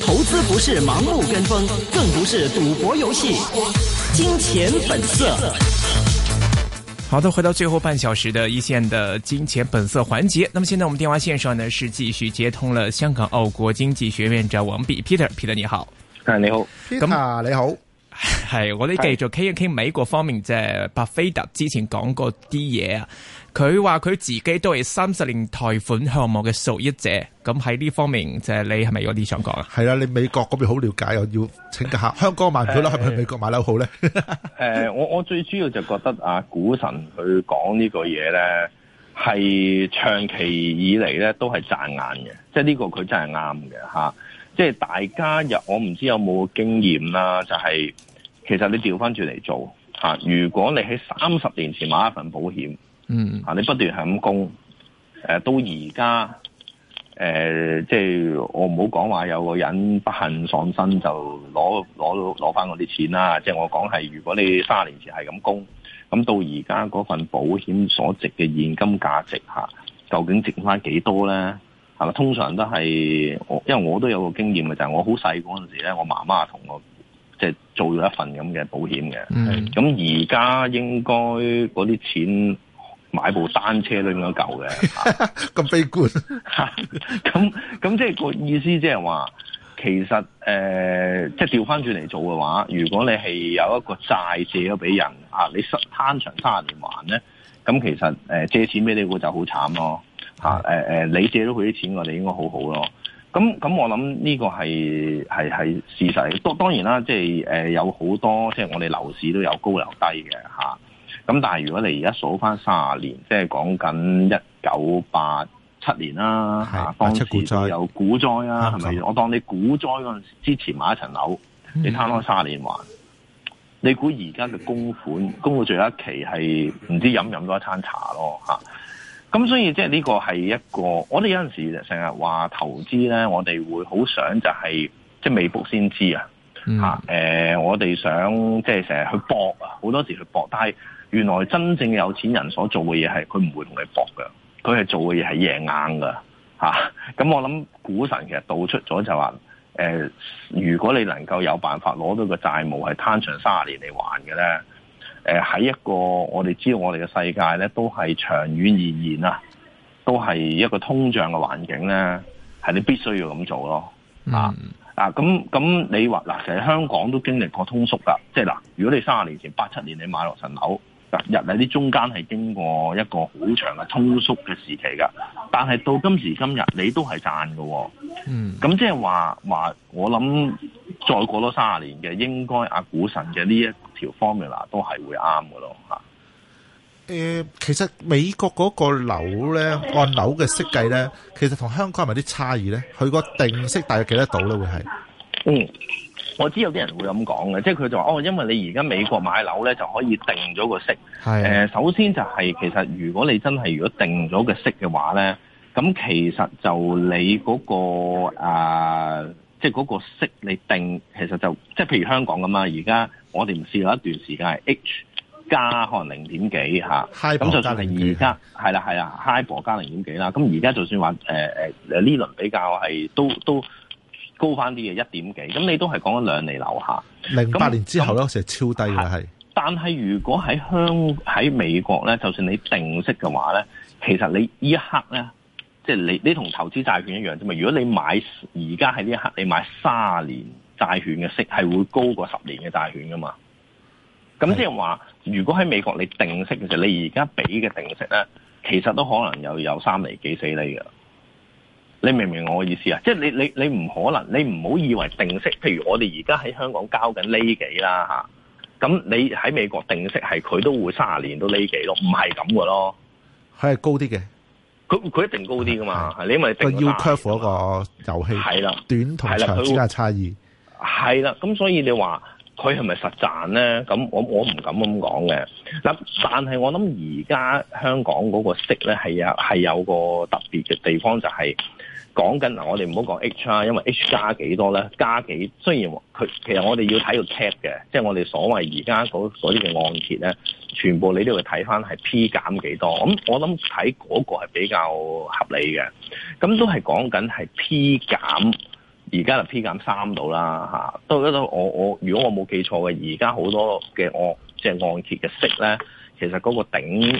投資不是盲目跟風，更不是賭博遊戲。金錢本色。好的，回到最後半小時的一線的金錢本色環節。那麼現在我們電話線上呢是繼續接通了香港澳國經濟學院院長王弼 Peter，Peter 你好。哎，你好，Peter 你好。係 ertain...，我哋繼續傾一傾美國方面即係巴菲特之前講過啲嘢啊。D-A. 佢話：佢自己都係三十年貸款項目嘅受益者，咁喺呢方面就係你係咪有啲想講啊？係啊，你美國嗰邊好了解，我要請教下香港買唔買樓，係、哎、咪美國買樓好咧？誒、 哎，我我最主要就覺得啊，股神佢講呢個嘢咧，係長期以嚟咧都係賺眼嘅、這個啊，即係呢個佢真係啱嘅嚇即係大家入，我唔知有冇經驗啦，就係、是、其實你調翻轉嚟做、啊、如果你喺三十年前買一份保險。嗯、mm-hmm.，你不斷係咁供，誒到而家，誒即係我唔好講話有個人不幸喪身就，就攞攞攞翻嗰啲錢啦。即係我講係，如果你三十年前係咁供，咁到而家嗰份保險所值嘅現金價值吓，究竟值翻幾多咧？係咪通常都係我，因為我都有個經驗嘅，就係、是、我好細嗰陣時咧，我媽媽同我即係做咗一份咁嘅保險嘅。咁而家應該嗰啲錢。買部單車都應該夠嘅，咁、啊、 悲觀。咁、啊、咁即係個意思其實、呃，即係話其實誒，即係調翻轉嚟做嘅話，如果你係有一個債借咗俾人，啊，你失攤長三十年還咧，咁其實誒、呃、借錢俾你會就好慘咯。啊呃、你借咗佢啲錢，我哋應該好好咯。咁咁，我諗呢個係係係事實多。當當然啦，即係、呃、有好多，即係我哋樓市都有高有低嘅。咁但係如果你而家數翻三十年，即係講緊一九八七年啦，啊，當時股災有股災啦，係咪？我當你股災嗰陣之前買一層樓，你攤開三十年還，嗯、你估而家嘅供款供款最後一期係唔知飲唔飲多一餐茶咯？吓，咁所以即係呢個係一個，我哋有陣時成日話投資咧，我哋會好想就係、是、即係未卜先知、嗯、啊，吓，誒，我哋想即係成日去搏啊，好多時去搏，但係，原來真正有錢人所做嘅嘢係佢唔會同你搏嘅，佢係做嘅嘢係贏硬㗎吓。咁、啊、我諗股神其實道出咗就話，誒、呃，如果你能夠有辦法攞到個債務係攤長三十年嚟還嘅咧，誒、呃、喺一個我哋知道我哋嘅世界咧都係長遠而言啊，都係一個通脹嘅環境咧，係你必須要咁做咯。嗯、啊啊咁咁你話嗱，成日香港都經歷過通縮㗎，即係嗱，如果你三十年前八七年你買落層樓。日喺中間係經過一個好長嘅通縮嘅時期㗎，但係到今時今日你都係賺嘅喎。嗯，咁即係話我諗再過多三十年嘅，應該阿股神嘅呢一條 formula 都係會啱嘅咯吓，誒，其實美國嗰個樓呢，按樓嘅設計呢，其實同香港有冇啲差異呢？佢個定息大約幾多度呢會係嗯。我知有啲人會咁講嘅，即係佢就話哦，因為你而家美國買樓咧就可以定咗個息。係誒、呃，首先就係、是、其實，如果你真係如果定咗個息嘅話咧，咁其實就你嗰、那個即係嗰個息你定，其實就即係譬如香港咁啊，而家我哋唔試過一段時間係 H 加可能零點幾嚇，咁、啊、就算係而家係啦係啦 HIBOR 加零點幾啦，咁而家就算話誒誒呢輪比較係都都。都高翻啲嘅一點幾，咁你都係講咗兩厘樓下。零八年之後咧，成日超低嘅係。但係如果喺香喺美國咧，就算你定息嘅話咧，其實你呢一刻咧，即係你你同投資債券一樣啫嘛。如果你買而家喺呢一刻你買三年債券嘅息係會高過十年嘅債券噶嘛。咁即係話，如果喺美國你定息嘅時候，你而家俾嘅定息咧，其實都可能有有三厘幾四厘㗎。你明唔明我嘅意思啊？即係你你你唔可能，你唔好以為定息，譬如我哋而家喺香港交緊呢幾啦嚇，咁你喺美國定息係佢都會三十年都呢幾咯，唔係咁嘅咯，係高啲嘅，佢佢一定高啲噶嘛，你因為要 curve 嗰個遊戲係啦，短同長之間差異係啦，咁所以你話佢係咪實賺咧？咁我我唔敢咁講嘅嗱，但係我諗而家香港嗰個息咧係有係有個特別嘅地方就係、是。講緊嗱，我哋唔好講 HR，因為 H 加幾多咧？加幾？雖然佢其實我哋要睇個 cap 嘅，即係我哋所謂而家嗰啲嘅按揭咧，全部你都要睇翻係 P 減幾多。咁、嗯、我諗睇嗰個係比較合理嘅。咁都係講緊係 P 減，而家就 P 減三度啦，嚇。都 P-,、啊、都我我如果我冇記錯嘅，而家好多嘅即按揭嘅息咧，其實嗰個頂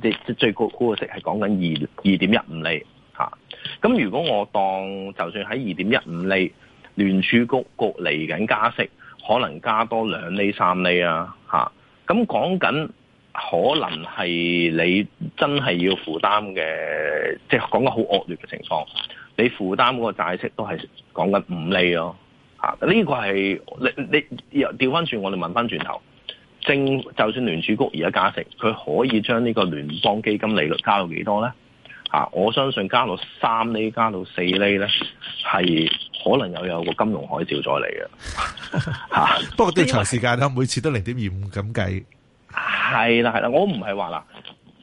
即係最高嗰、嗰個息係講緊二二點一五厘。咁如果我當就算喺二點一五厘，聯儲局局嚟緊加息，可能加多兩厘三厘啊，吓，咁講緊可能係你真係要負擔嘅，即係講緊好惡劣嘅情況，你負擔嗰個債息都係講緊五厘咯，吓、啊、呢、這個係你你又調翻轉，我哋問翻轉頭，就算聯儲局而家加息，佢可以將呢個聯邦基金利率加到幾多咧？啊、我相信加到三厘，加到四厘咧，係可能又有一個金融海嘯再嚟嘅、 啊。不過都長時間啦，每次都零點二五咁計。係啦，係啦，我唔係話啦，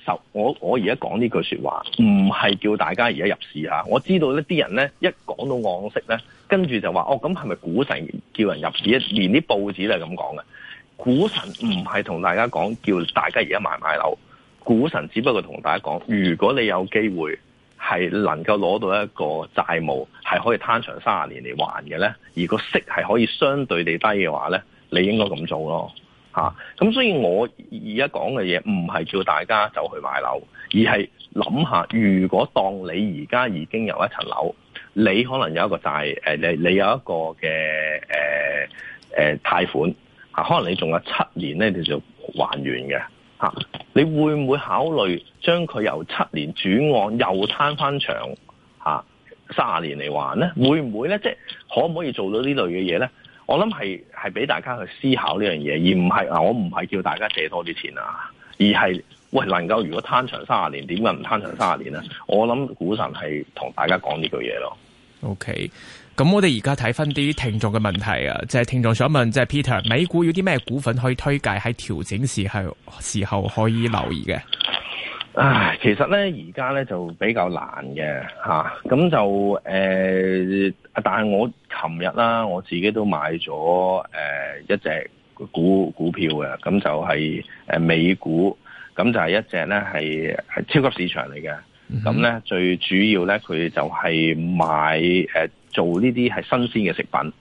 十我我而家講呢句說話，唔係叫大家而家入市吓。我知道呢啲人咧一講到降息咧，跟住就話哦，咁係咪股神叫人入市？連啲報紙都係咁講嘅。股神唔係同大家講叫大家而家買買樓。.股神只不過同大家講，如果你有機會係能夠攞到一個債務係可以攤長三十年嚟還嘅咧，而個息係可以相對地低嘅話咧，你應該咁做咯。咁、啊、所以我而家講嘅嘢唔係叫大家就去買樓，而係諗下，如果當你而家已經有一層樓，你可能有一個債、呃、你你有一個嘅誒誒貸款、啊、可能你仲有七年咧，你就還完嘅。你會唔會考慮將佢由七年轉按又攤翻長吓三十年嚟還呢？會唔會呢？即係可唔可以做到呢類嘅嘢呢？我諗係係俾大家去思考呢樣嘢，而唔係啊！我唔係叫大家借多啲錢啊，而係喂，能夠如果攤長三十年，點解唔攤長三十年呢？我諗股神係同大家講呢句嘢咯。OK。咁我哋而家睇翻啲聽眾嘅問題啊，即係聽眾想問，即係 Peter，美股有啲咩股份可以推介？喺調整時候時候可以留意嘅。唉、啊，其實咧而家咧就比較難嘅吓，咁、啊、就誒、呃，但係我琴日啦，我自己都買咗誒、呃、一隻股股票嘅，咁就係誒美股，咁就係一隻咧係係超級市場嚟嘅，咁咧最主要咧佢就係買誒。呃做呢啲係新鮮嘅食品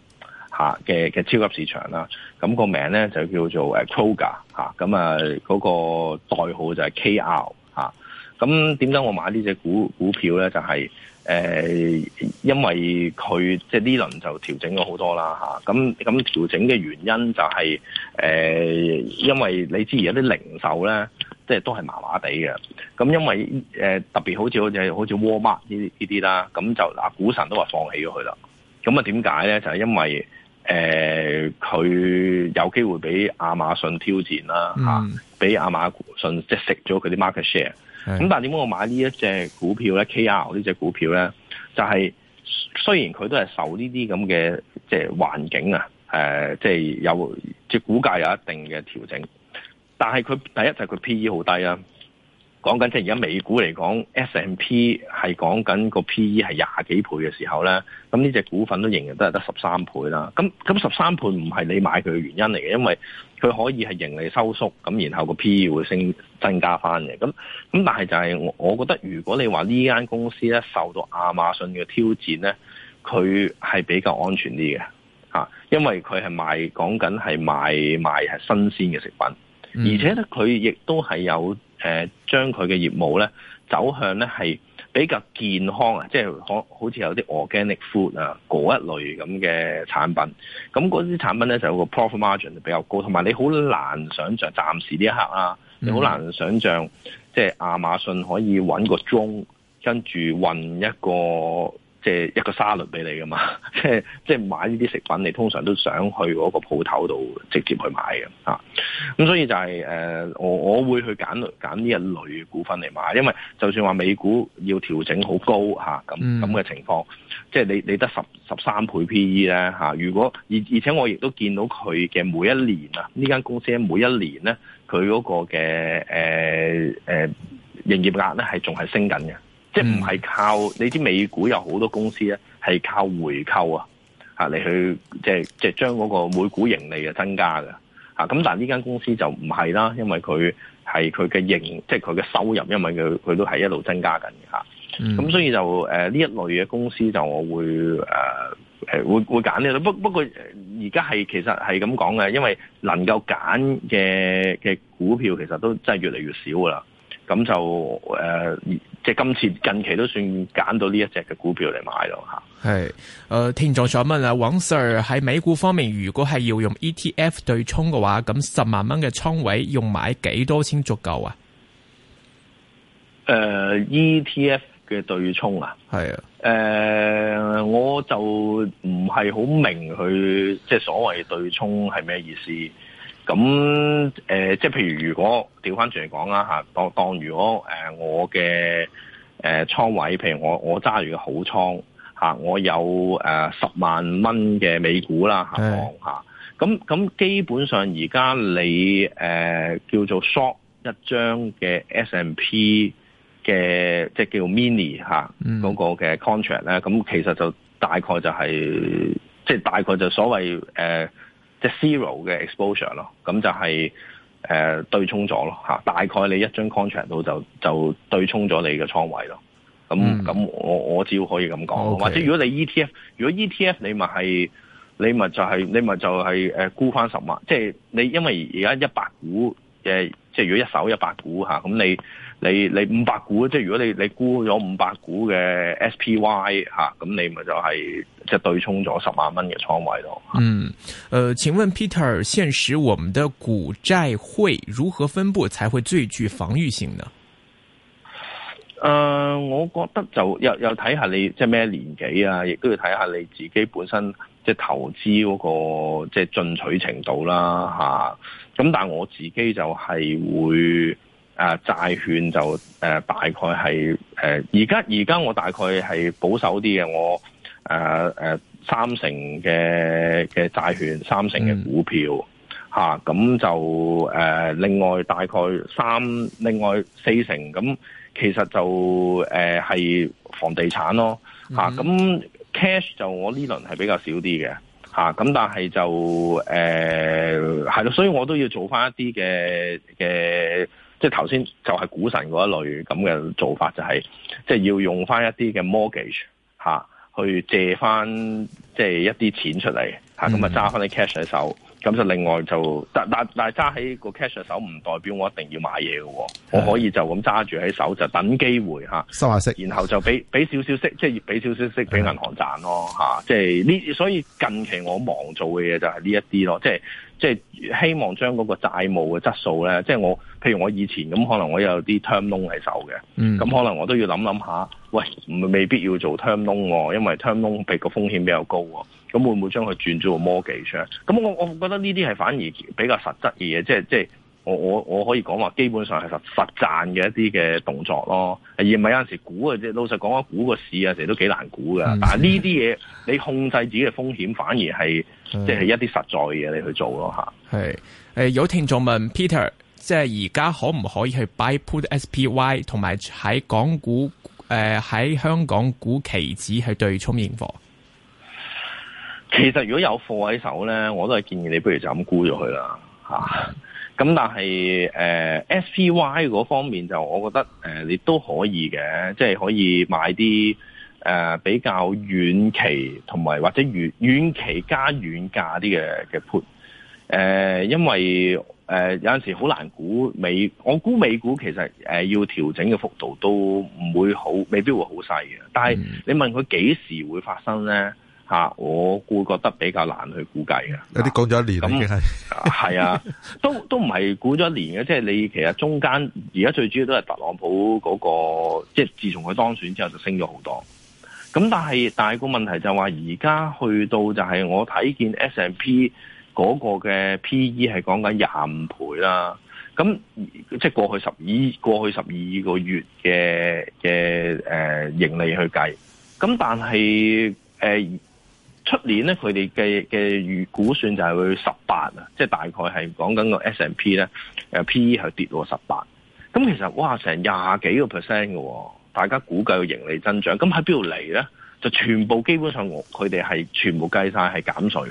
嚇嘅嘅超級市場啦，咁個名咧就叫做 Kroger 嚇，咁啊嗰個代號就係 KR 嚇。咁點解我買呢隻股股票咧？就係、誒、因為佢即係呢輪就調整咗好多啦嚇。咁咁調整嘅原因就係誒，因為你知而家啲零售咧。即係都係麻麻地嘅，咁因為誒、呃、特別好似好似好似 Walmart 呢啲呢啲啦，咁就嗱股神都話放棄咗佢啦。咁啊點解咧？就係、是、因為誒佢、呃、有機會俾亞馬遜挑戰啦，嚇、嗯，俾、啊、亞馬遜即係食咗佢啲 market share。咁但係點解我買呢一隻股票咧？K R 呢隻股票咧，就係、是、雖然佢都係受呢啲咁嘅即係環境啊，即、呃、係、就是、有即係、就是、股價有一定嘅調整。但係佢第一就係佢 P/E 好低啊，講緊即係而家美股嚟講 S&P 係講緊個 P/E 係廿幾倍嘅時候咧，咁呢隻股份都仍然都係得十三倍啦。咁咁十三倍唔係你買佢嘅原因嚟嘅，因為佢可以係盈利收縮咁，然後個 P/E 會升增加翻嘅。咁咁但係就係，我我覺得如果你話呢間公司咧受到亞馬遜嘅挑戰咧，佢係比較安全啲嘅吓，因為佢係賣，講緊係賣賣係新鮮嘅食品。而且咧，佢亦都係有誒，將佢嘅業務咧走向咧係比較健康啊，即係可好似有啲 organic food 啊嗰一類咁嘅產品。咁嗰啲產品咧就有個 profit margin 就比較高。同埋你好難想象，暫時呢一刻啊，你好難想象即係亞馬遜可以搵個鐘跟住運一個。即係一個沙律俾你噶嘛，即係即係買呢啲食品，你通常都想去嗰個鋪頭度直接去買嘅嚇。咁所以就係誒，我我會去揀揀呢一類股份嚟買，因為就算話美股要調整好高嚇咁咁嘅情況，即係你你得十十三倍 PE 咧嚇。如果而而且我亦都見到佢嘅每一年啊，呢間公司每一年咧，佢嗰個嘅誒誒營業額咧係仲係升緊嘅。嗯、即係唔係靠你知美股有好多公司咧係靠回購啊嚇嚟、啊、去即係即係將嗰個每股盈利嘅增加嘅嚇咁，但係呢間公司就唔係啦，因為佢係佢嘅盈即係佢嘅收入，因為佢佢都係一路增加緊嘅嚇。咁、嗯啊、所以就誒呢、呃、一類嘅公司就我會誒誒、呃、會會揀啲咯。不不過而家係其實係咁講嘅，因為能夠揀嘅嘅股票其實都真係越嚟越少噶啦。咁就誒、呃，即係今次近期都算揀到呢一隻嘅股票嚟買咯嚇。係，誒聽眾想問啊，王 Sir 喺美股方面，如果係要用 ETF 對沖嘅話，咁十萬蚊嘅倉位用買幾多先足夠、呃、啊？誒，ETF 嘅對沖啊，係啊，誒，我就唔係好明佢即係所謂對沖係咩意思。咁誒、呃，即係譬如如果調翻轉嚟講啦嚇，當當如果誒、呃、我嘅誒、呃、倉位，譬如我我揸住個好倉、啊、我有誒十、呃、萬蚊嘅美股啦吓吓，咁咁基本上而家你誒、呃、叫做 short 一張嘅 S&P 嘅即係叫 mini 嗰、啊那個嘅 contract 咧，咁其實就大概就係、是、即係大概就所謂誒。呃即係 zero 嘅 exposure 咯、就係，咁就係誒對沖咗咯嚇，大概你一張 contract 到就就對沖咗你嘅倉位咯。咁咁、嗯、我我只要可以咁講，或、okay. 者如果你 ETF，如果 ETF 你咪係你咪就係、係、你咪就係誒沽翻十萬，即係你因為而家一百股誒。呃即係如果一手一百股吓，咁你你你五百股，即係如果你你沽咗五百股嘅 SPY 吓，咁你咪就係即係對沖咗十萬蚊嘅倉位咯。嗯，誒、呃，請問 Peter，現時我們的股債匯如何分布才會最具防御性呢？誒、呃，我覺得就又又睇下你即係咩年紀啊，亦都要睇下你自己本身。即係投資嗰、那個即係進取程度啦，吓、啊，咁但係我自己就係會誒、啊、債券就誒、呃、大概係誒而家而家我大概係保守啲嘅，我誒、呃呃、三成嘅嘅債券，三成嘅股票吓，咁、嗯啊、就誒、呃、另外大概三另外四成咁，其實就誒、是、係、呃、房地產咯吓，咁、啊。cash 就我呢輪係比較少啲嘅吓，咁但係就誒係咯，所以我都要做翻一啲嘅嘅，即係頭先就係股神嗰一類咁嘅做法，就係即係要用翻一啲嘅 mortgage 吓，去借翻即係一啲錢出嚟吓，咁啊，揸翻啲 cash 喺手。咁就另外就，但但但係揸喺個 cash 嘅手，唔代表我一定要買嘢嘅，我可以就咁揸住喺手就等機會嚇收下息，然後就俾俾少少息，即係要俾少少息俾銀行賺咯、嚇、即係呢，所以近期我忙做嘅嘢就係呢一啲咯，即即係希望將嗰個債務嘅質素咧，即係我，譬如我以前咁，可能我有啲 term l o n n 喺手嘅，咁、嗯、可能我都要諗諗下，喂，未必要做 term loan 喎，因為 term l o n n 比個風險比較高喎，咁會唔會將佢轉做個摩 r 出？咁我我覺得呢啲係反而比較實質嘅嘢，即係即係。我我我可以講話，基本上係實實賺嘅一啲嘅動作咯，而唔係有陣時估嘅啫。老實講，估個市啊，成日都幾難估㗎。但係呢啲嘢，你控制自己嘅風險，反而係即係一啲實在嘅嘢你去做咯，係有聽眾問 Peter，即係而家可唔可以去 buy put S P Y 同埋喺港股喺、呃、香港股期指去對沖現貨？其實如果有貨喺手咧，我都係建議你不如就咁沽咗佢啦，嗯咁但係誒 SPY 嗰方面就我覺得誒、呃、你都可以嘅，即、就、係、是、可以買啲誒、呃、比較遠期同埋或者遠遠期加遠價啲嘅嘅 put 因為誒、呃、有陣時好難估美，我估美股其實誒、呃、要調整嘅幅度都唔會好，未必會好細嘅。但係、嗯、你問佢幾時會發生咧？啊！我會覺得比較難去估計嘅，有啲講咗一年，係。係 啊，都都唔係估咗一年嘅，即係你其實中間而家最主要都係特朗普嗰個，即係自從佢當選之後就升咗好多。咁但係但係個問題就係話，而家去到就係我睇見 S&P 嗰個嘅 P E 係講緊廿五倍啦。咁即係過去十二過去十二個月嘅嘅誒盈利去計，咁但係誒。呃出年咧，佢哋嘅嘅預估算就係去十八啊，即係大概係講緊個 S&P 咧，誒，PE 係跌到十八。咁其實哇，成廿幾個 percent 嘅，大家估計嘅盈利增長，咁喺邊度嚟咧？就全部基本上，佢哋係全部計曬係減稅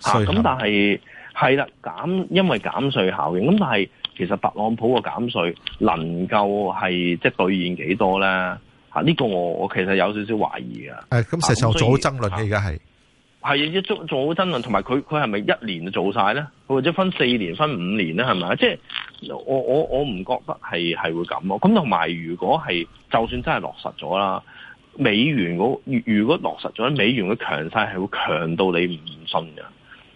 咁、啊、但係係啦，減因為減稅效應。咁但係其實特朗普嘅減稅能夠係即係兌現幾多咧？呢、這個我我其實有少少懷疑嘅。誒、嗯，咁實在做好爭論，而家係係一做好爭論，同埋佢佢係咪一年做晒咧？或者分四年、分五年咧？係咪啊？即係我我我唔覺得係係會咁咯。咁同埋，如果係就算真係落實咗啦，美元如果落實咗，美元嘅強勢係會強到你唔信嘅。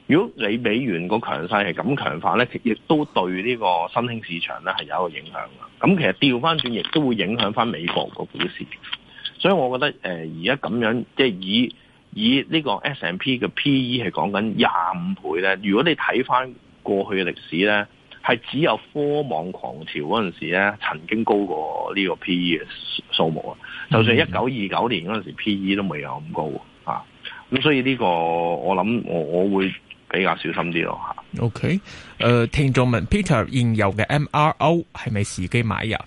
如果你美元個強勢係咁強化咧，亦都對呢個新興市場咧係有一個影響嘅。咁其實調翻轉亦都會影響翻美國個股市。所以我覺得誒，而家咁樣即係以以呢個 S&P 嘅 P E 係講緊廿五倍咧。如果你睇翻過去嘅歷史咧，係只有科網狂潮嗰陣時咧曾經高過呢個 P E 嘅數目啊。就算一九二九年嗰陣時 P E 都未有咁高。咁所以呢、這個我諗我我會比較小心啲咯吓。O K，誒，聽眾問 Peter，現有嘅 M R O 係咪時機買入？誒、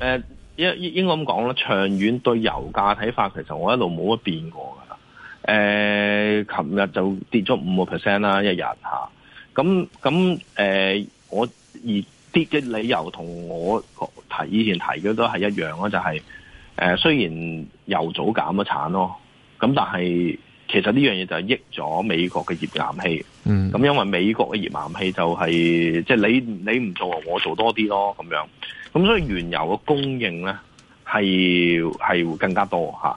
呃、誒，應應該咁講啦，長遠對油價睇法，其實我一路冇乜變過噶。誒、呃，琴日就跌咗五個 percent 啦，一日吓。咁咁誒，我而跌嘅理由同我提以前提嘅都係一樣咯，就係、是、誒、呃，雖然油早減咗產咯。咁、嗯嗯、但係，其實呢樣嘢就係益咗美國嘅頁岩氣。咁、嗯、因為美國嘅頁岩氣就係、是，即、就、係、是、你你唔做，我做多啲咯咁樣。咁、嗯、所以原油嘅供應呢係係會更加多嚇。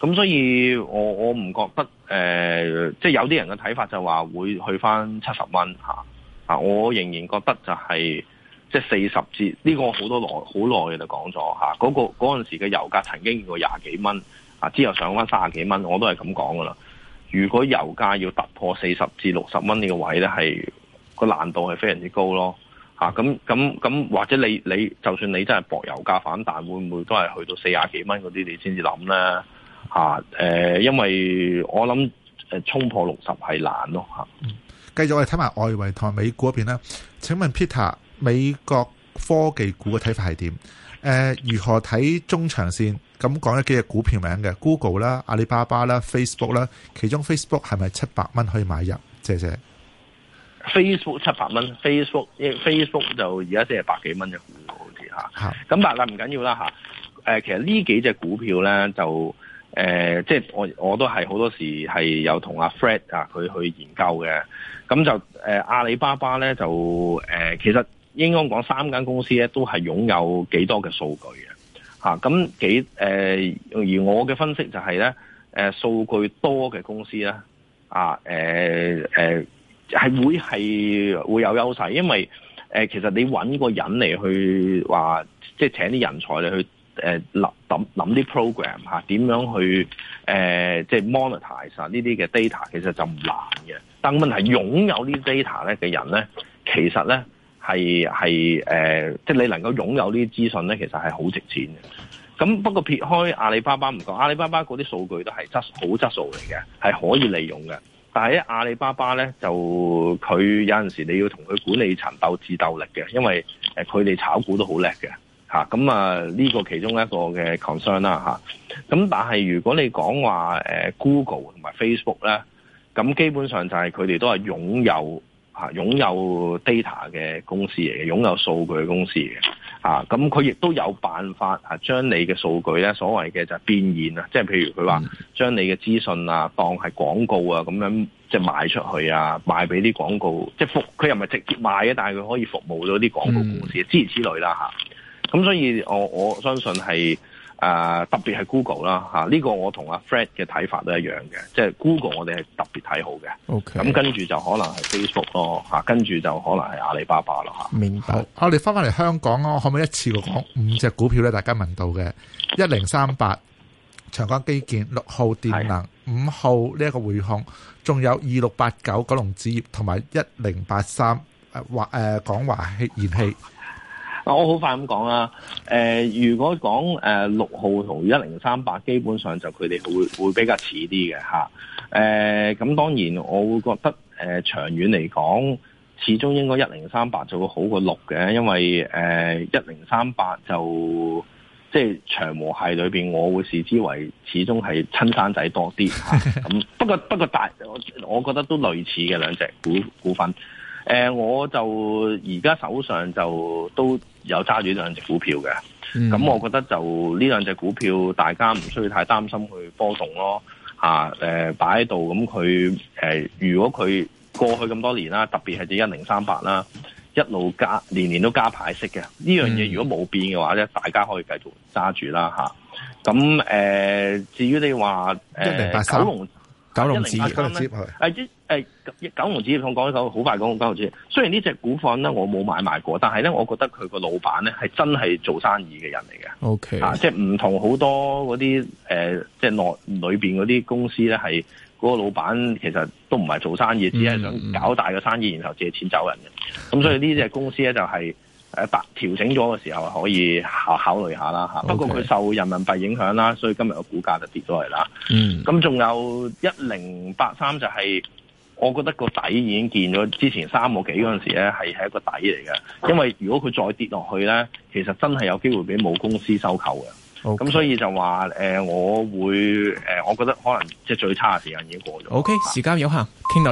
咁、嗯、所以我我唔覺得誒，即、呃、係、就是、有啲人嘅睇法就話會去翻七十蚊啊，我仍然覺得就係即係四十至。呢、就是這個好多耐好耐嘅就講咗嗰個嗰陣時嘅油價曾經要過廿幾蚊。啊！之後上翻三十幾蚊，我都係咁講噶啦。如果油價要突破四十至六十蚊呢個位咧，係、個難度係非常之高咯。咁咁咁，或者你你就算你真係博油價反彈，但會唔會都係去到四廿幾蚊嗰啲，你先至諗咧？嚇！因為我諗誒衝破六十係難咯嚇、嗯。繼續我哋睇埋外圍台美股嗰邊啦。請問 Peter，美國科技股嘅睇法係點？誒、呃，如何睇中長線？咁講一幾隻股票名嘅，Google 啦、阿里巴巴啦、Facebook 啦，其中 Facebook 係咪七百蚊可以買入？謝謝。Facebook 七百蚊，Facebook，Facebook 就而家即係百幾蚊嘅好似嚇。咁百啊唔緊要啦嚇。誒，其實呢幾隻股票咧就誒，即係我我都係好多時係有同阿 Fred 啊佢去研究嘅。咁就誒阿里巴巴咧就誒，其實應該講三間公司咧都係擁有幾多嘅數據嘅。咁、啊、幾誒、呃，而我嘅分析就係、是、咧，誒、呃、數據多嘅公司咧，啊，誒誒係會係會有優勢，因為誒、呃、其實你搵個人嚟去話，即、啊、係、就是、請啲人才嚟去誒立諗啲 program 吓、啊，點樣去誒即係 monetize 晒呢啲嘅 data，其實就唔難嘅，但係問題擁有 data 呢 data 咧嘅人咧，其實咧。係係誒，即係你能夠擁有呢啲資訊咧，其實係好值錢嘅。咁不過撇開阿里巴巴唔講，阿里巴巴嗰啲數據都係質，好質素嚟嘅，係可以利用嘅。但係喺阿里巴巴咧，就佢有陣時你要同佢管理層鬥智鬥力嘅，因為佢哋、呃、炒股都好叻嘅嚇咁啊呢、啊這個其中一個嘅 concern 啦、啊、咁、啊、但係如果你講話、呃、Google 同埋 Facebook 咧，咁基本上就係佢哋都係擁有。啊，擁有 data 嘅公司嚟嘅，擁有數據嘅公司嚟嘅，啊，咁佢亦都有辦法啊，將你嘅數據咧，所謂嘅就係變現啊，即係譬如佢話將你嘅資訊啊，當係廣告啊，咁樣即係賣出去啊，賣俾啲廣告，即係服佢又唔係直接賣嘅，但係佢可以服務到啲廣告公司，嗯、之類之類啦嚇。咁、啊、所以我我相信係。啊，特別係 Google 啦嚇，呢個我同阿 Fred 嘅睇法都一樣嘅，即係 Google 我哋係特別睇好嘅。OK，咁跟住就可能係 Facebook 咯嚇，跟住就可能係阿里巴巴咯嚇。明白好。我哋翻返嚟香港咯，可唔可以一次過講五隻股票咧？大家聞到嘅一零三八長江基建、六號電能、五號呢一個匯控，仲有二六八九九龍紙業同埋一零八三華誒港華燃氣。我好快咁講啊！誒，如果講誒六號同一零三八，基本上就佢哋會會比較似啲嘅嚇，誒，咁當然我會覺得、呃、長遠嚟講，始終應該一零三八就會好過六嘅，因為誒一零三八就即係、就是、長和系裏面，我會視之為始終係親生仔多啲嚇咁、啊、不過不過大，我覺得都類似嘅兩隻股股份。呃、我就而家手上就都有揸住呢兩隻股票嘅，咁、嗯、我覺得就呢兩隻股票，大家唔需要太擔心去波動咯，擺喺度，咁、呃、佢、呃、如果佢過去咁多年啦，特別係啲一零三八啦，一路加年年都加派息嘅，呢、嗯、樣嘢如果冇變嘅話咧，大家可以繼續揸住啦，咁、啊、誒、啊，至於你話、呃、九龍九龍置業咧，九龍置業，我講一講，好快講九龍置業。雖然呢隻股份咧，我冇買賣過，但係咧，我覺得佢個老闆咧係真係做生意嘅人嚟嘅。O、okay. K 啊，即係唔同好多嗰啲誒，即係內裏邊嗰啲公司咧，係嗰個老闆其實都唔係做生意，只係想搞大個生意，然後借錢走人嘅。咁、mm-hmm. 嗯、所以呢隻公司咧就係誒，白調整咗嘅時候可以考考慮下啦吓。Okay. 不過佢受人民幣影響啦，所以今日個股價就跌咗嚟啦。嗯，咁仲有一零八三就係、是。我覺得個底已經見咗，之前三個幾嗰陣時咧，係係一個底嚟嘅。因為如果佢再跌落去咧，其實真係有機會俾冇公司收購嘅。咁、okay. 所以就話、呃、我會、呃、我覺得可能即係最差嘅時間已經過咗。O、okay, K，時間有限，傾